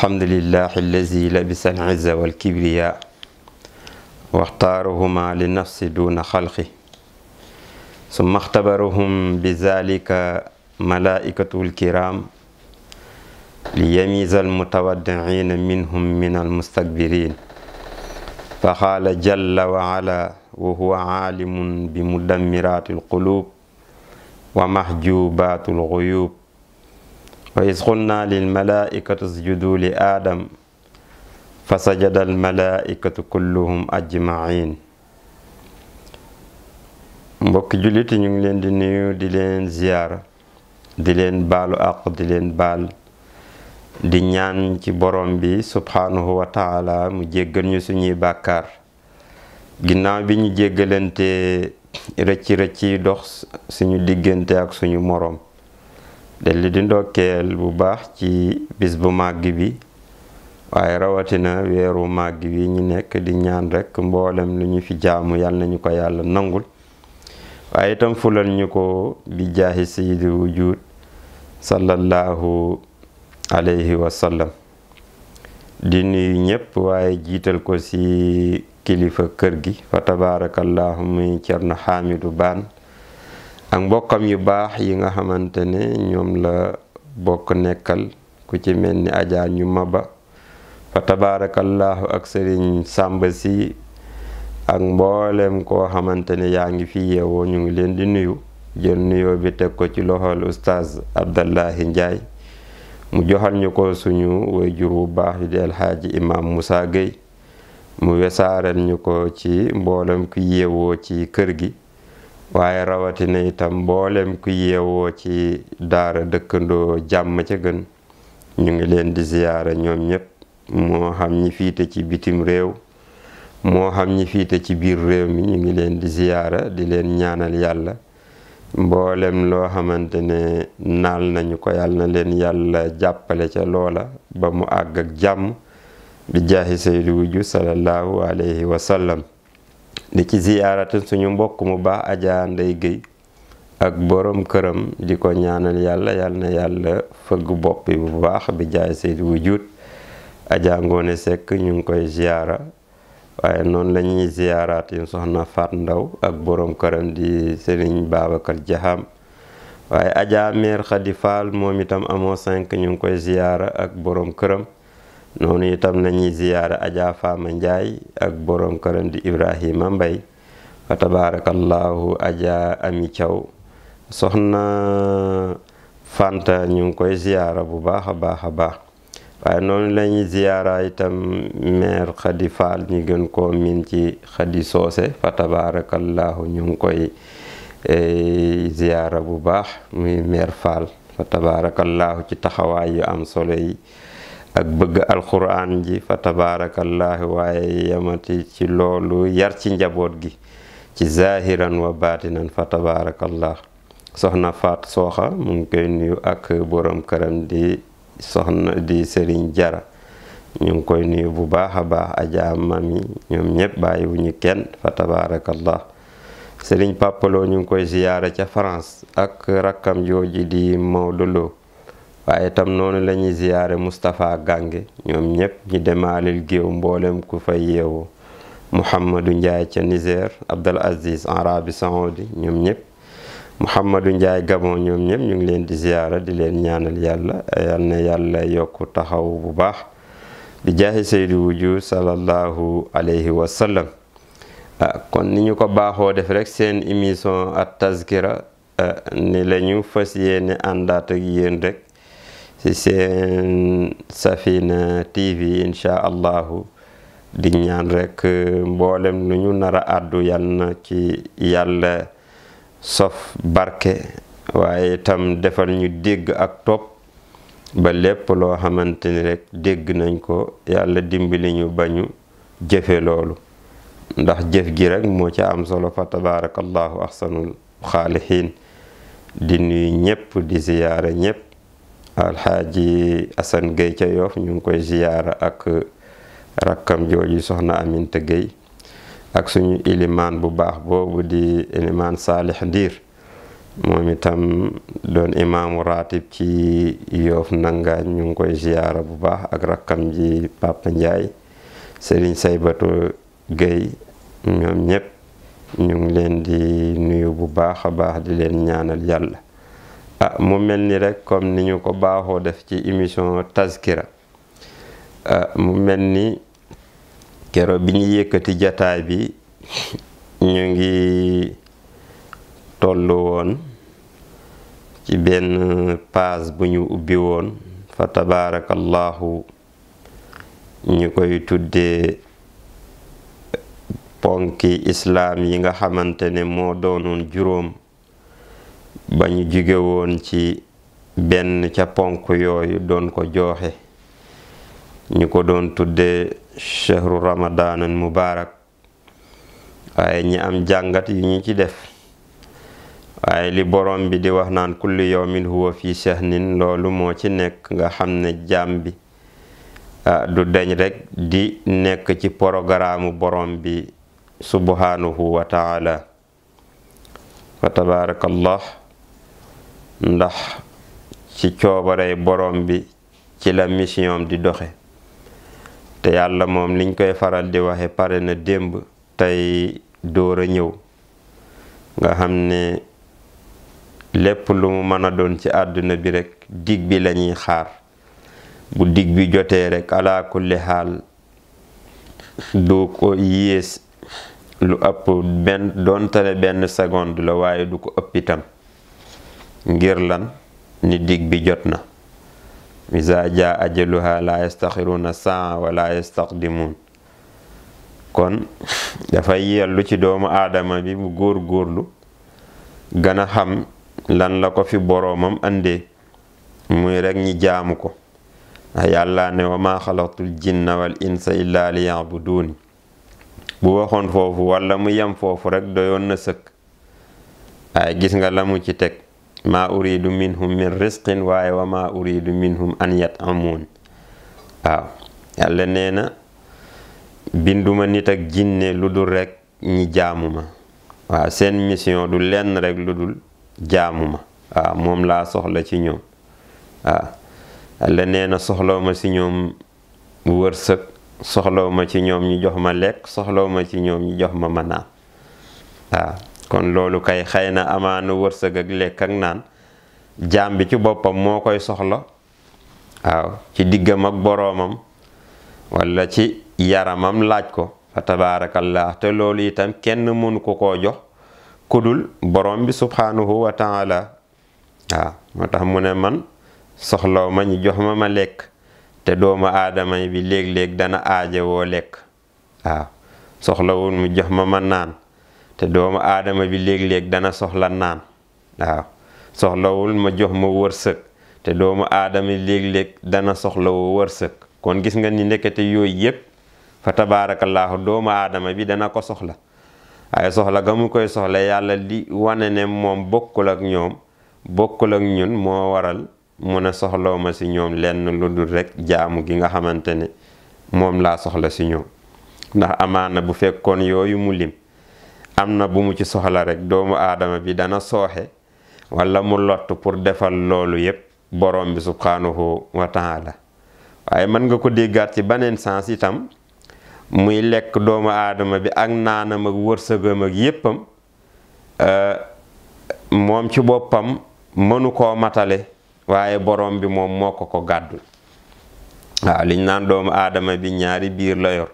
الحمد لله الذي لبس العز والكبرياء واختارهما للنفس دون خلقه ثم اختبرهم بذلك ملائكته الكرام ليميز المتودعين منهم من المستكبرين فقال جل وعلا وهو عالم بمدمرات القلوب ومحجوبات الغيوب wa is qulna lil malaikati isjudu li aadam fa sajada al malaikatu kulluhum ajmain mbokki jullit ñu ngi leen di nuyu di leen ziyaara di leen baalu àq di leen baal di ñaan ci borom bi subhaanahu wa taala mu jéggal ñu suñuy bàkkaar ginnaaw bi ñu jéggalante rëcci rëcci dox suñu diggante ak suñu moroom delli di ndokkeel bu baax ci bis bu màgg bi waaye rawatina weeru màgg bi ñu nekk di ñaan rekk mboolem lu ñu fi jaamu yàlla nañu ko yàlla nangul waaye itam fulal ñu ko bi jaahi sayyidi wujud sallallahu alayhi wa sallam ñépp waaye jiital ko ci kilifa kër gi fa tabarakallahu muy Cerno Xaamidu Baan ak mbokkam yu baax yi nga xamante ne ñoom la bokk nekkal ku ci mel ni ajaa ñu maba fa tabaarakallaahu ak sëriñ samba si ak mboolem koo xamante ne yaa ngi fi yeewoo ñu ngi leen di nuyu jël nuyoo bi teg ko ci loxol oustaz abdallahi njaaye mu joxal ñu ko suñu way juru baax yu di alxaaji imam moussa gueye mu wesaaral ñu ko ci mboolem ku yeewoo ci kër gi waaye rawatina itam mboolem ku yeewoo ci daara dëkkandoo jàmm ca gën ñu ngi leen di ziyaara ñoom ñëpp moo xam ñi fiite ci bitim réew moo xam ñi fiite ci biir réew mi ñu ngi leen di ziyaara di leen ñaanal yàlla mboolem loo xamante ne naal nañu ko yàlla na leen yàlla jàppale ca loola ba mu àgg ak jàmm bi jaaxi sayd wujju salallahu aleyhi wa sallam di ci ziyaarate suñu mbokk mu baax Adja Ndeye Guèye ak boroom këram di ko ñaanal yàlla yàlla na yàlla fëgg bopp bu baax bi jaay seydi wujud Adja Ngoone Seck ñu ngi koy ziyaara waaye noonu la ñuy ziyaaraat yi soxna Fat Ndaw ak boroom këram di Serigne Babacar Diaham waaye Adja mère Khady Fall moom itam amoo cinq ñu ngi koy ziyaara ak boroom këram noonu itam nañuy ziyaara Adja Fama Ndiaye ak borom këram di Ibrahima Mbaye fa tabaarakallaahu aja Ami caw soxna Fanta ñu ngi koy ziyaara bu baax a baax a baax waaye noonu lañuy ziyaara itam mère Khady Fall ñu gën koo miin ci Khady Socé fa tabaarakallaahu ñu ngi koy e, ziyaara bu baax muy mère Fall fa tabaarakallaahu ci taxawaay yu am soloyi ak bëgg alxuraan ji fa tabaarakallaahi waaye yamati ci loolu yar ci njaboot gi ci zahiran wa baatinan fa tabaarakallah soxna faat sooxa mu ngi koy nuyu ak boroom këram di soxna di sëriñ jara ñu ngi koy nuyu bu baaxa a baax ajaa mami ñoom ñëpp bàyyiwuñu kenn fa tabaarakallah sëriñ pàppaloo ñu ngi koy ziyaara ca France ak rakkam jooji di Maodo Lo waaye itam noonu lañuy ñuy ziyaare Moustapha Gange ñoom ñëpp ñi demaalil géew mboolem ku fa yeewu Mouhamadou Ndiaye ca Niger Abdel Aziz en Arabie Saoudi ñoom ñëpp Mouhamadou Ndiaye Gabon ñoom ñëpp ñu ngi leen di ziyaara di leen ñaanal yàlla yal na yàlla taxaw bu baax di jaahi saydi wuju sallallahu alayhi wa sallam ah, kon ni ñu ko baaxoo def rek seen émission at tazkira ah, ni la ñu fas yéene àndaat ak yéen rek ci seen Safina TV incha allahu di ñaan rekk eh, mboolem lu ñu nar a àddu yal na ci yàlla sof barke waaye tam defal ñu dégg ak topp ba lépp loo xamante ni dégg nañ ko yàlla dimbali ñu bañu jëfe loolu ndax jëf gi rek moo ci am solo fa tabarakallahu ahsanul xaalixiin di nuyu ñépp di ziyaare ñépp alxaaji Assane Gueye ca Yoff ñu ngi koy ziyaara ak rakkam jooju soxna Aminta Gueye ak suñu ilimaan bu baax boobu di ilimaan Saalix Ndiir moom itam doon imaamu raatib ci yoof nangaañ ñu ngi koy ziyaara bu baax ak rakkam ji Papa Ndiaye Serigne Saybatu Gueye ñoom ñëpp ñu ngi leen di nuyu bu baax a baax di leen ñaanal yàlla Ah, mu mel ni rek comme ni ñu ko baaxoo def ci émission taskira ah, mu mel ni kero bi ñu yëkkati jataay bi ñu ngi toll woon ci benn page bu ñu ubbi woon fa tabaarakallahu ñu koy tuddee ponki islam yi nga xamante ne moo doonoon juróom bañu jóge woon ci benn ca ponk yooyu doon ko jooxe ñu ko doon tuddee chehru ramadanan mubarak waaye ñi am jàngat yu ñu ci def waaye li borom bi di wax naan kulli yowmin huwa fi sehnin loolu moo ci nekk nga xam ne jàm bi du deñ rek di nekk ci programme borom bi subhanahu wa taala fa tabaraka allah ndax ci coobarey borom bi ci la mission di doxe te yàlla moom liñ koy faral di waxe pare na démb tey dóor a ñëw nga xam ne lépp lu mu mën a doon ci àdduna bi rekk dig bi lañuy xaar bu dig bi jotee rekk ala kulli xaal du ko yées lu ëpp benn benn seconde la waaye du ko ëpp itam ngir lan ni dig bi jot na isa ja ajaluha la yastaxiruuna saa wala yastaqdimuun kon dafay yellu ci doomu aadama bi mu góor góorlu gën a xam lan la ko fi boroomam andee muy rekk ñi jaamu ko ndax yàlla ne wa maa xalaqtul jinna wal insa illa li bu waxoon foofu walla mu yam foofu rekk doyoon na sëkk waaye gis nga la mu ci teg maa uridu minhum min risqin waaye wa maa uridu minhum an yatamuun waaw yàlla nee na binduma nit ak jinne lu dul rekk ñi jaamu ma waaw seen mission du lenn rekk lu dul jaamu ma waaw moom laa soxla ci ñoom waaw yàlla nee na ma ci ñoom wërsëg soxlaw ma ci ñoom ñu jox ma lekk soxlaw ma ci ñoom ñu jox ma ma naan waaw kon loolu kay xëy na amaanu wërsëg ak lekk ak naan jaam bi ci boppam moo koy soxla waaw ci diggam ak boroomam walla ci yaramam laaj ko fa tabaarakallah te loolu itam kenn mënu ko koo jox kudul boroom bi subhanahu wa taala waaw moo tax mu ne man soxlaw ma jox ma ma lekk te doomu aadama bi léeg-léeg dana aaje woo lekk waaw soxlawul mu jox ma ma naan te doomu aadama bi léeg-léeg dana soxla naan waaw soxlawul ma jox ma wërsëg te doomu aadama léeg-léeg dana soxlawoo wërsëg kon gis nga ni nekkete yooyu yépp fa tabaarakallaahu doomu aadama bi dana ko soxla waaye soxla ga mu koy soxla yàlla di wane ne moom bokkul ak ñoom bokkul ak ñun moo waral mu ne soxla ma si ñoom lenn lu dul rekk jaamu gi nga xamante ne moom laa soxla si ñoom ndax amaana bu fekkoon yooyu mu lim am na bu mu ci soxla rek doomu aadama bi dana sooxe walla mu lott pour defal loolu yépp borom bi subhanahu wa taala waaye mën nga ko déggaat ci beneen sens itam muy lekk doomu aadama bi ak naanam ak wërsëgam mag yéppam euh, moom ci boppam mënu ko matale waaye borom bi moom moo ko ko waaw liñ naan doomu aadama bi ñaari biir la yor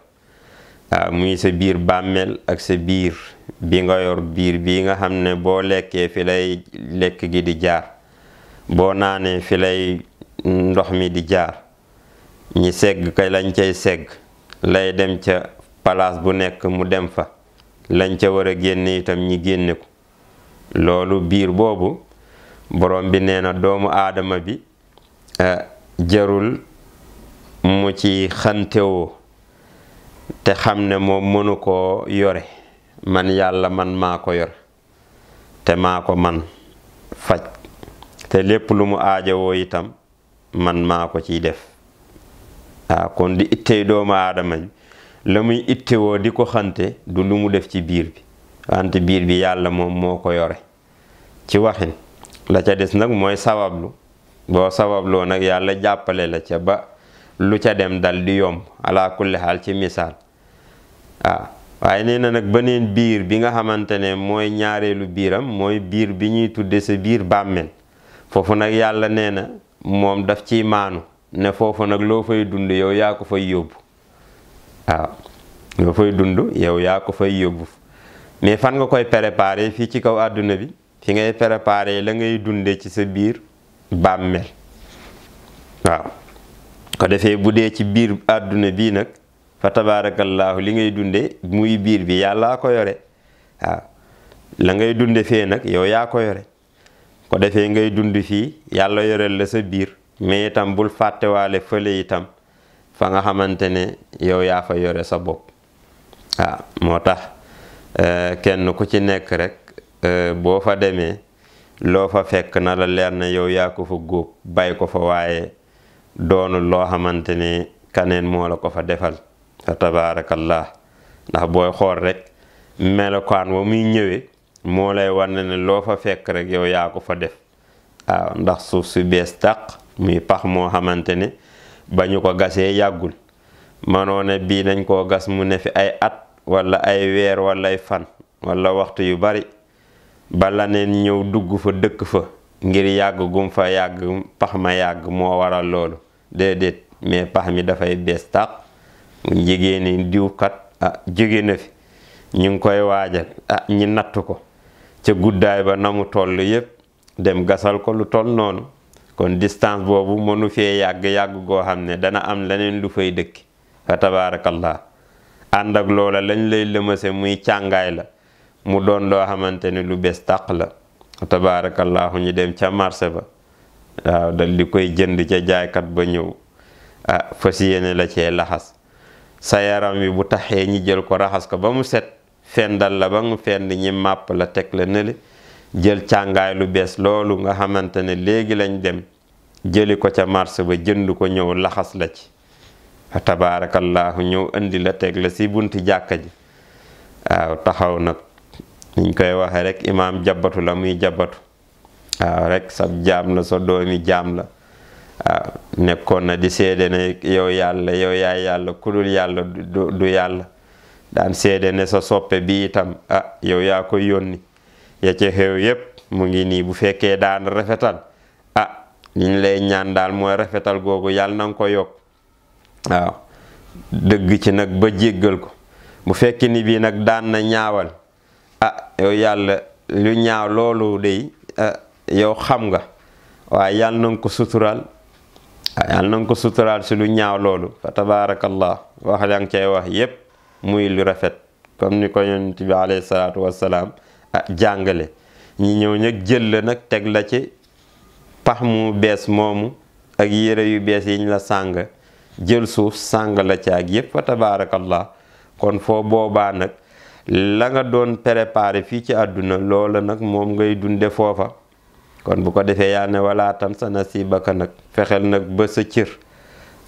Ah, muy sa biir bàmmeel ak sa biir bi nga yor biir bi nga xam ne boo lekkee fi lay lekk gi di jaar boo naanee fi lay ndox mi di jaar ñi segg kay lañ cay segg lay dem ca palaas bu nekk mu dem fa lañ ca war a génne itam ñi génne ko loolu biir boobu borom bi nee na doomu aadama bi ah, jarul mu ci xantewoo te xam ne moom mënu koo yore man yàlla man maa ko yor te maa ko man faj te lépp lu mu aajowoo itam man maa ko ciy def waaw kon di ittey doomu aadama bi la muy ittewoo di ko xante du lu mu def ci biir bi wante biir bi yàlla moom moo ko yore ci waxin la ca des nag mooy sawablu boo sababloo nag yàlla jàppale la ca ba lu ca dem dal di yomb alaa kulli xaal ci misaal waaw ah. waaye nee na nag beneen biir bi nga xamante ne mooy ñaareelu biiram mooy biir bi ñuy tudde sa biir bàmmel foofu nag yàlla nee na moom daf ciy maanu ne foofu nag loo fay dund yow yaa ko fay yóbbu waaw ah. loo fay dund yow yaa ko fay yóbbu mais fan nga koy préparer fii ci kaw àdduna bi fi ngay préparer la ngay dunde ci sa biir bàmmeel waaw ko defee bu dee ci biir àdduna bii nag fa tabaarakallaahu li ngay dunde muy biir bi yàllaa ko yore waaw la ngay dunde fee nag yow yaa ko yore ko defee ngay dund fii yàlla yore la sa biir mais itam bul fàttewaale fële itam fa nga xamante ne yow yaa fa yore sa bopp waaw moo tax eh, kenn ku ci nekk rek eh, boo fa demee loo fa fekk na la leer yow yaa ko fa góob ko fa waaye doonu loo xamante ne kaneen moo la ko fa defal fa tabaarakallah ndax booy xool rekk melokaan wa muy ñëwee moo lay wan ne loo fa fekk rek yow yaa ko fa def waaw ndax suuf su bees tàq muy pax moo xamante ne ba ñu ko gasee yàggul manoo ne bii dañ koo gas mu ne fi ay at walla ay weer wallay fan wala waxtu yu bari bala neen ñëw dugg fa dëkk fa ngir yàgg gum fa yàgg pax ma yàgg moo waral loolu déedéet mais pax mi dafay bees tàq jigéen ñi diw kat ah jóge na fi ñu ngi koy waaja ah ñi natt ko ca guddaay ba na mu toll yépp dem gasal ko lu toll noonu kon distance boobu mënu fee yàgg-yàgg goo xam ne dana am leneen lu fay dëkki fa tabaarakallah lañ lay lëmase muy càngaay la mu doon loo xamante ne lu bees tàq la tabaarakallaahu ñu dem ca marché ba waaw dal di koy jënd ca jaaykat ba ñëw ah fas yéene la cee laxas sa yaram wi bu taxee ñi jël ko raxas ko ba mu set fendal la ba mu fend ñi màpp la teg la nële jël càngaay lu bees loolu nga xamante ne léegi lañ dem jëli ko ca marché ba jënd ko ñëw laxas la ci tabaarakallaahu ñëw indi la teg la si buntu jàkka ji waaw taxaw nag niñ koy waxee rek imaam jabatu la muy jabatu waaw rek sab jaam la sa doomi jaam la waaw ah, nekkoon na di seede ne yow yàlla yow yaa yàlla kudul yàlla du yàlla daan seede ne sa soppe bi itam ah yow yaa koy yónni ya xew yépp mu ngi nii bu fekkee daan rafetal ah liñ ñaan daal mooy rafetal googu yàlla na ko yokk waaw dëgg ci nag ba jéggal ko bu fekkee ni bii nag daan na ñaawal ah yow yàlla lu ñaaw loolu dey ah, yow xam nga waaye yàlla na ko sutural yàlla na nga ko suturaal si lu ñaaw loolu fa tabaarakallah wax la nga cay wax yépp muy lu rafet comme ni ko yonent bi alayhi salaatu wassalaam ah jàngale ñi ñëw nag jël la nag teg la ci pax mu bees moomu ak yére yu bees yiñ la sàng jël suuf sàng la ci ak yépp fa tabaarakallah kon foo boobaa nag la nga doon préparé fii ci àdduna loola nag moom ngay dunde foofa kon bu ko defee yaa ne wala tan sa nasibaka nag fexeel nag ba sa cër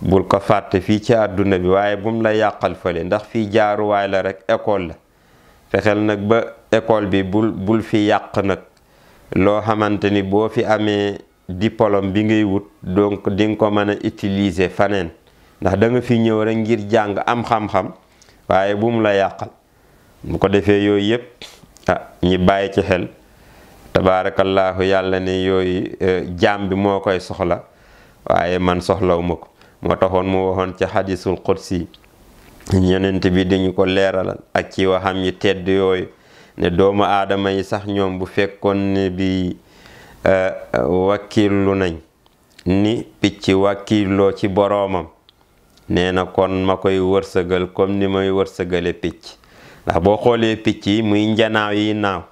bul ko fàtte fii ci àdduna bi waaye bum la yàqal fële ndax fii jaaruwaay la rek école la fexeel nag ba école bi bul fi yàq nag loo xamante ni boo fi amee diplôme bi ngay wut donc di nga ko mën a utiliser faneen ndax danga fi ñëw rek ngir jàng am xam-xam waaye mu la yàqal bu ko defee yooyu yépp ah ñi bàyyi ci xel tabaarakallaahu yàlla ne yooyu eh, jaam bi moo koy soxla waaye man soxlawuma ko moo taxoon mu waxoon ci xadisul qudsi yonent bi diñu ko leeral ak ci waxam yi tedd yooyu ne doomu aadama yi sax ñoom bu fekkoon ne bi eh, wakkiilu nañ ni picc wàkkiiloo ci boroomam nee na kon ma koy wërsëgal comme ni may wërsëgale picc ndax boo xoolee picc yi muy njanaaw yi naaw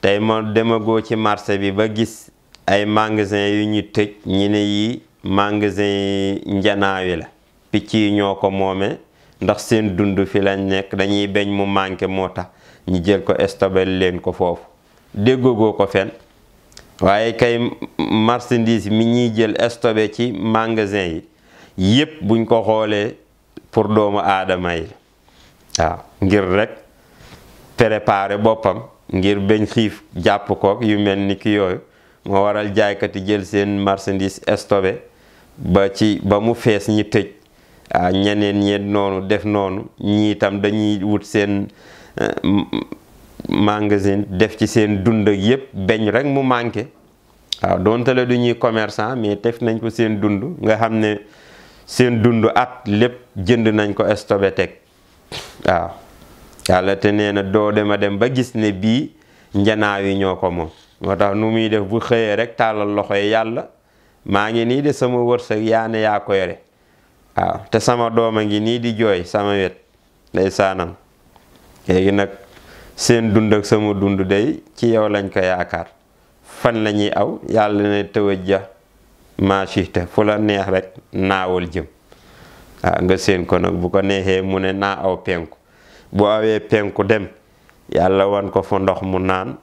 tey ma demagoo ci marché bi ba gis ay magasin yu ñu tëj ñi ne yi magasin yi njanaawi la picc yi ñoo ko moome ndax seen dund fi lañ nekk dañuy beñ mu manqué moo tax ñu jël ko estobel leen ko foofu déggagoo ko fen waaye kay marchandise mi ñuy jël estobé ci magasin yi yépp buñ ko xoolee pour doomu aadama yi waaw ngir rekk préparer boppam ngir bañ xiif jàpp kook yu mel ni ki yooyu moo waral jaaykat yi jël seen marchandise stocké ba ci ba mu fees ñi tëj ah ñeneen ñeent noonu def noonu ñii tam dañuy wut seen eh, magasin def ci seen dund ak yépp beñ rek mu manqué waa ah, donte duñuy du commerçant mais tef nañ ko seen dund nga xam ne seen dund at lépp jënd nañ ko stocké teg waaw ah. yàlla te nee na doo dema dem ba gis ne bii njanaaw yi ñoo ko moom moo tax nu muy def bu xëyee rek tàllal loxo yi yàlla maa ngi nii de sama wërsëg yaa ne yaa ko yore waaw te sama doom a ngi nii di jooy sama wet day saanam léegi nag seen dundak sama dund day ci yow lañ ko yaakaar fan la aw yàlla ne tawajja maa shihta fu la neex rek naawal jëm waaw nga seen ko nag bu ko neexee mu ne naa aw penku bu awee penku dem yàlla wan ko fa ndox mu naan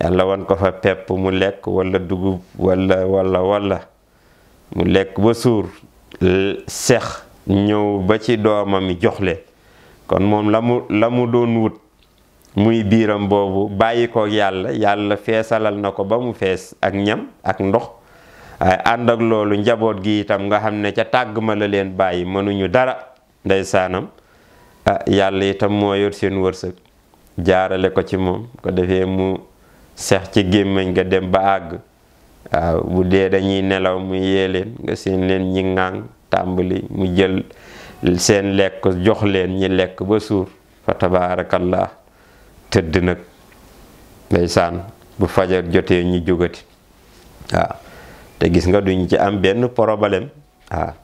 yàlla wan ko fa pepp mu lekk walla dugub walla walla walla mu lekk ba suur sex ñëw ba ci doomam joxle kon moom la mu la mu doon wut muy biiram boobu bàyyi ko yàlla yàlla feesalal na ko ba mu fees ak ñam ak ndox waaye ànd ak loolu njaboot gi itam nga xam ne ca tàgg ma la leen bàyyi mënuñu dara ndeysaanam ah yàlla itam moo yor seen wërsëg jaarale ko ci moom ko defee mu seex ci gémmiñ nga dem ba àgg waaw ah, bu dee dañuy nelaw mu yee leen nga seen leen ñi ŋàng tàmbali mu jël seen lekk jox leen ñi lekk ba suur fa tabaarakallah tëdd nag ndeysaan bu fajar jotee ñu jógati waaw ah, te gis nga duñ ci am benn problème waaw ah.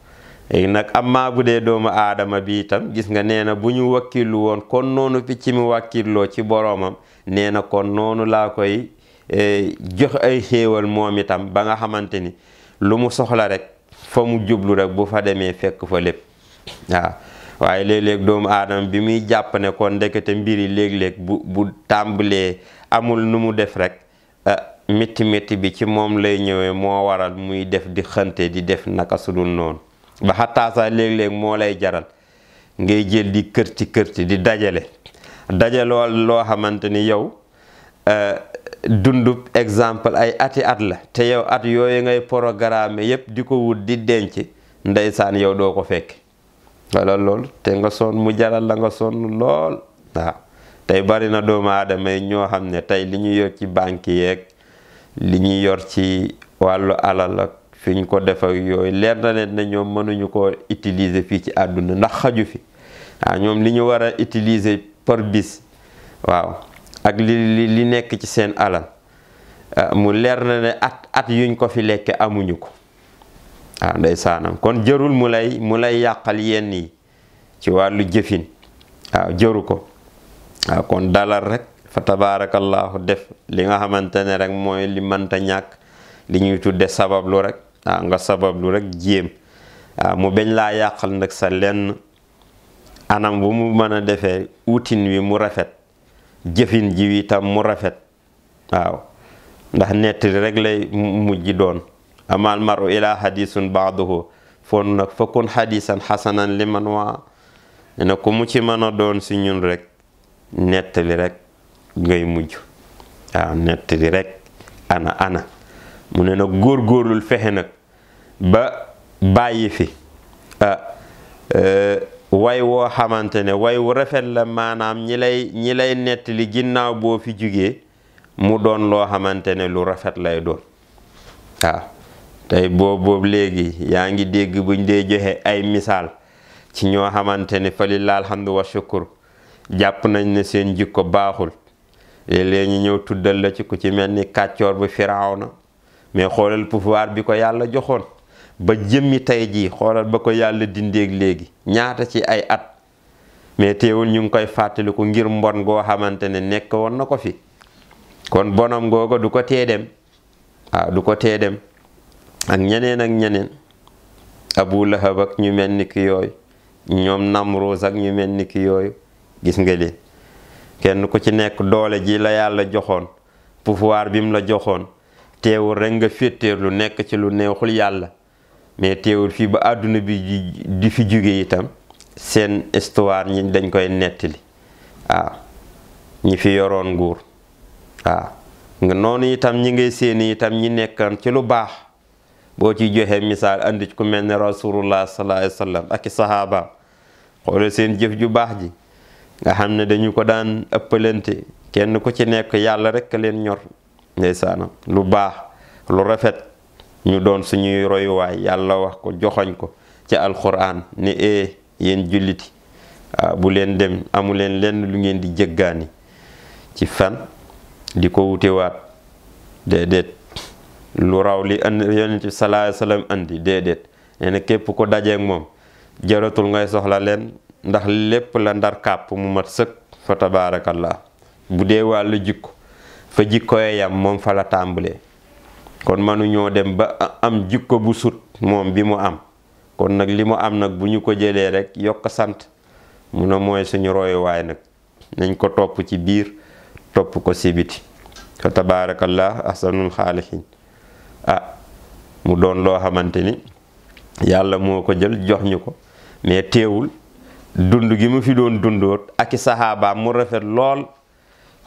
léegi nag amma bu dee doomu aadama bi itam gis nga nee na bu ñu wakkillu woon kon noonu picc mi wakkiloo ci boroomam nee na kon noonu laa koy e, jox ay xéewal moom itam ba nga xamante ni lu mu soxla rek fa mu jublu rek bu fa demee fekk fa lépp waaw waaye léeg-léeg doomu aadama bi muy jàpp ne kon ndekete mbiri léeg-léeg bu bu tàmbalee amul nu mu def rek ah, métti métti bi ci moom lay ñëwee moo waral muy def di xante di def naka sudul noonu ba xattaa sax léeg moo lay jaral ngay jël di kër ci kër ci di dajale dajalool loo xamante ni yow euh, dundub exemple ay ati at la te yow at yooyu ngay programme yépp di ko wut di denc ndeysaan yow doo ko fekk wala loolu te nga sonn mu jaral la nga sonn lool waaw tey bari na doomu aadama yi ñoo xam ne tey li ñu yor ci banque yeeg li ñuy yor ci wàllu alal fi ñu ko defa yooyu leer na leen ne ñoom mënuñu ko utiliser fii ci àdduna ndax xaju fi waaw ñoom li ñu war a utiliser par bis waaw ak li li nekk ci seen alal ah, mu leer na ne at at yuñ ko fi lekke amuñu ko waaw ah, ndeysaanam kon jërul mu lay mu lay yàqal yenn yi ci wàllu jëfin waaw jëru ko waaw ah, kon dalal rek fa tabaarakallaahu def li nga xamante ne rek mooy li mënta ñàkk li ñuy tudde sabablu rek nga sabablu rek jéem mu bañ laa yàqal nag sa lenn anam bu mu mën a defee utin wi mu rafet jëfin ji wi mu rafet waaw ndax nettali rek lay mujj doon amal maru ila hadisun baaduhu foon nag fakkun hadisan xasanan li man waa ku mu ci mën doon si ñun rek nettali rek ngay mujj waaw nettali rek ana ana mu ne nag góorgóorlul fexe nag ba bàyyi fi ah eh, way woo xamante ne way wu rafet la maanaam ñi lay ñi lay nettali ginnaaw boo fi jugee mu doon loo xamante ne lu rafet lay doon waaw ah, tey boobu boobu léegi yaa ngi dégg buñ dee joxe ay misaal ci ñoo xamante ne fa alhamdu wa shukur jàpp nañ ne seen jikko baaxul léeg-léeg ñu ñëw tuddal la ci ku ci mel ni kàccoor bu firaaw na mais xoolal pouvoir bi ko yàlla joxoon ba jëmmi tey ji xoolal ba ko yàlla dindeeg léegi ñaata ci ay at mais teewul ñu ngi koy fàttaliku ngir mbon goo xamante ne nekk woon na ko fi kon bonam googa du ko tee dem ah du ko tee dem ak ñeneen ak ñeneen abou lahab ak ñu mel ni ki yooyu ñoom nam rose ak ñu mel ni ki yooyu gis nga leen kenn ku ci nekk doole ji la yàlla joxoon pouvoir bi mu la joxoon teewul rekk nga féeteer lu nekk ci lu neexul yàlla mais teewul fii ba àdduna bi di fi jóge itam seen histoire ñi dañ koy nettali waaw ñi fi yoroon nguur waaw nga noonu itam ñi ngay seeni itam ñi nekkan ci lu baax boo ci joxee misaal andi ci ku mel ne rasulullah sallallahu wa sallam ak i sahaaba xoolal seen jëf ju baax ji nga xam ne dañu ko daan ëppalante kenn ku ci nekk yàlla rek leen ñor ndeysaana lu baax lu rafet ñu doon suñuy royuwaay yàlla wax ko joxoñ ko ci alxuraan ne ee yéen julliti ah, bu leen dem amu leen lenn lu ngeen di jëggaani ci fan di ko wutewaat déedéet lu raw li and yonent bi sallallahu alayhi wasallam andi déedéet nee képp ko dajeek moom jaratul ngay soxla leen ndax lépp la ndar kàpp mu mat sëkk fa tabaarakallah bu dee wàllu jikko fa jikkoyeyam moom fala tàmbale kon manu ñoo dem ba am jikko bu sut moom bi mu am kon nag li mu am nag bu ñu ko jëlee rek yokk sant mu na mooy suñu royuwaay nag nañ ko topp ci biir topp ko sibiti fa tabaarakallah ahsanul xaalixin ah mu doon loo xamante ni yàlla moo ko jël jox ñu ko mais teewul dund gi mu fi doon dundoot ak saxaabaam mu rafet lool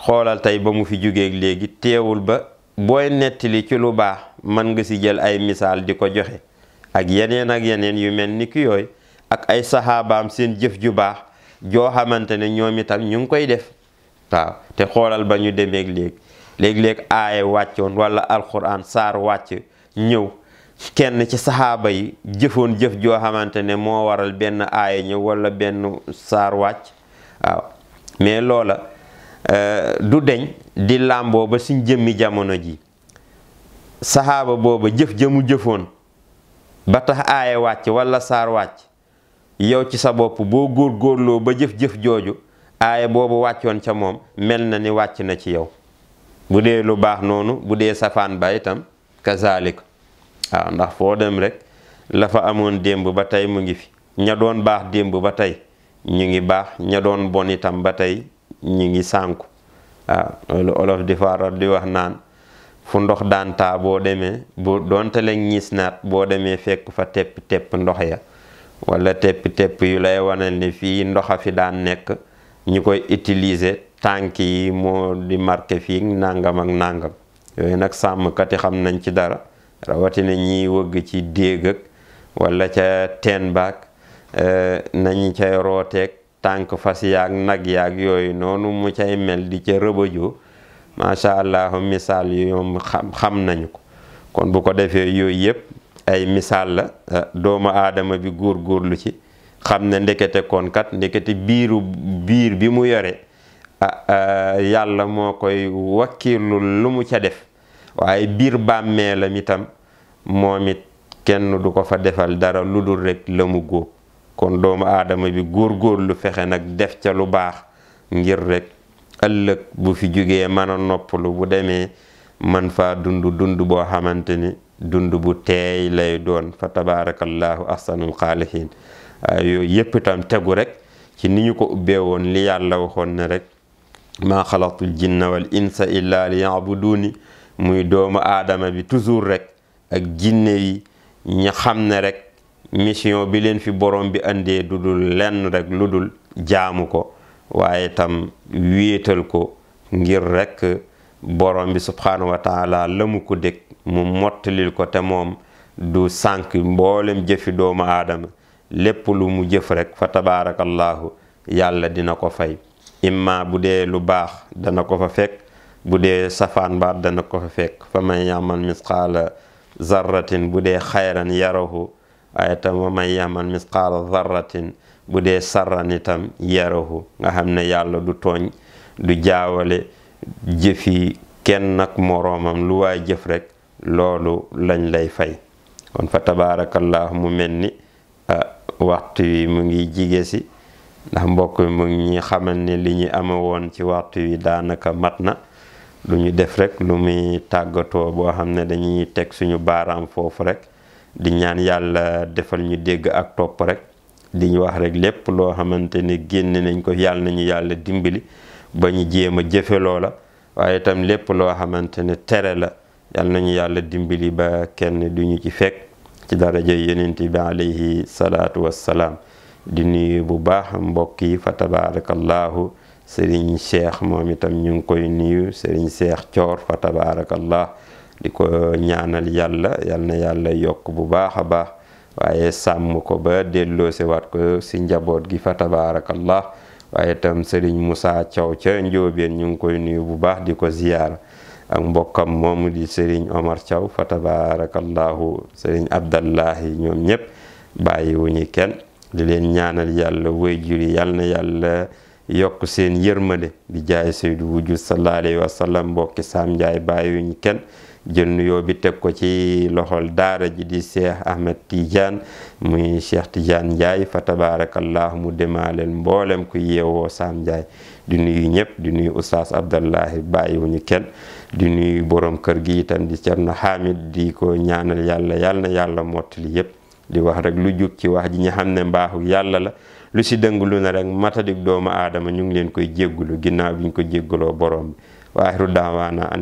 xoolal tey ba mu fi jógeek léegi teewul ba booy nettali ci lu baax man nga ci jël ay misaal di ko joxe ak yeneen ak yeneen yu mel ni ki yooyu ak ay saxaabaam seen jëf ju baax joo xamante ne ñoom itam ñu ngi koy def waaw te xoolal ba ñu demeeg léegi léeg-léeg aaya wàccoon wala alxuraan saar wàcc ñëw kenn ci saxaaba yi jëfoon jëf joo xamante ne moo waral benn aaya ñëw walla benn saar wàcc waaw mais loola Eh, du deñ di làmboo ba suñ jëmmi jamono ji sahaaba booba jëf jëmu jëfoon ba tax aaye wàcc wala saar wàcc yow ci sa bopp boo góor góorloo ba jëf jëf jooju aaye booba wàccoon ca moom mel na ni wàcc na ci yow bu dee lu baax noonu bu dee safaan ba itam kazalik waaw ndax foo dem rek la fa amoon démb ba tey mu ngi fi ña doon baax démb ba tey ñu ngi baax ña doon bon itam ba tey ñi ngi sànku waaw ah, loolu olof di faral di wax naan fu ndox daan taa boo demee bu doonte la ñis naat boo demee fekk fa tepp-tepp ndox ya wala tepp-tepp yu lay wanal ni fii ndox a fi daan nekk ñi koy utiliser tànk yi moo di marqué fii nàngam ak nangam yooyu nag sàmmkat yi xam nañ ci dara na ñi wëgg ci déeg walla ca teen baak eh, nañ cay rooteeg tànk fas yaag nag yaag yooyu noonu mu cay mel di ca rëbëjoo macha allah misaal yu xam nañu ko kon bu ko defee yooyu yëpp ay misaal la eh, doomu aadama bi góor góorgóorlu ci xam ne ndekete kon kat ndekete biiru biir bi mu yore ah, eh, yàlla moo koy wakkiilu lu mu ca def waaye biir bàmmee la itam moom it kenn du ko fa defal dara lu dul rek la mu góob kon doomu aadama bi góorgóorlu fexe nag def ca lu baax ngir rek ëllëg bu fi jógee mën a noppalu bu demee man fa dund dund boo xamante ni dund bu teey lay doon fa tabaarakallaahu ahsanul xaalixiin yooyu yépp itam tegu rek ci ni ñu ko ubbee woon li yàlla waxoon ne rek maa xalaqtul jinna wal insa illaa li yaabuduuni muy doomu aadama bi toujours rek ak jinne yi ñu xam ne rek mission bi leen fi borom bi andee du dul lenn rek lu dul jaamu ko waaye tam wéetal ko ngir rek borom bi subhaanahu wa taala la mu ko dég mu mottalil ko te moom du sànk mboolem jëfi doomu aadama lépp lu mu jëf rek fa tabaarakallaahu yàlla dina ko fay imma bu dee lu baax dana ko fa fekk bu dee safaan baat dana ko fa fekk fa man yamal misqaala zarratin bu dee xayran yarahu ayatam wa man yaman misqala darratin bu dee sarrani tam yarahu nga xam ne yàlla du tooñ du jaawale jëfi kenn nag moroomam lu waay jëf rek loolu lañ lay fay kon fa tabaarakallah mu mel ni ah, waxtu wi mu ngi jige si ndax mbokk yi mu ngi xamal ne li ñu ame woon ci waxtu wi daanaka mat na lu ñu def rek lu muy tàggatoo boo xam ne dañuy teg suñu baaraam foofu rek di ñaan yàlla defal ñu dégg ak topp rek di ñu wax rek lépp loo xamante ne génn nañ ko yàlla nañu yàlla dimbali ba ñu jéem a jëfe loola waaye itam lépp loo xamante ne tere la yàlla nañu yàlla dimbali ba kenn du ñu ci fekk ci daraja yonent bi alayhi salaatu wassalaam di nuyu bu baax mbokk yi fa tabarakallahu sëriñ cheikh moom itam ñu ngi koy nuyu sëriñ cheikh coor fa tabarakallah di ko ñaanal yàlla yal na yàlla yokk bu baax a baax waaye sàmm ko ba delloosewaat ko si njaboot gi fa tabaarakallah waaye tam sëriñ Moussa Thiaw ca Njóobeen ñu ngi koy nuyu bu baax di ko ziyaara ak mbokkam moom di sëriñ Omar Thiaw fa tabaarakallahu sëriñ Abdallahi ñoom ñëpp bàyyiwuñu kenn di leen ñaanal yàlla waajur yi yal na yàlla yokk seen yërmande di jaay Seydou wujud sallallahu alayhi mbokki Sam Ndiaye bàyyiwuñu kenn jël nuyoo bi teg ko ci loxol daara ji di Cheikh Ahmed Tidiane muy Cheikh Tidiane Ndiaye fa tabaarakallahu mu demaaleel mboolem ku yeewoo Sam Ndiaye di nuyu ñëpp di nuyu Oustaz Abdallahi bàyyiwuñu kenn di nuyu borom kër gi itam di Cerno Hamid di ko ñaanal yàlla yàlla na yàlla mottali yëpp di wax rek lu jub ci wax ji xam ne mbaaxu yàlla la lu si dëng lu ne rek matadik doomu aadama ñu ngi leen koy jéggulu ginnaaw bi ñu ko jéggaloo borom bi waaxiru daawaana an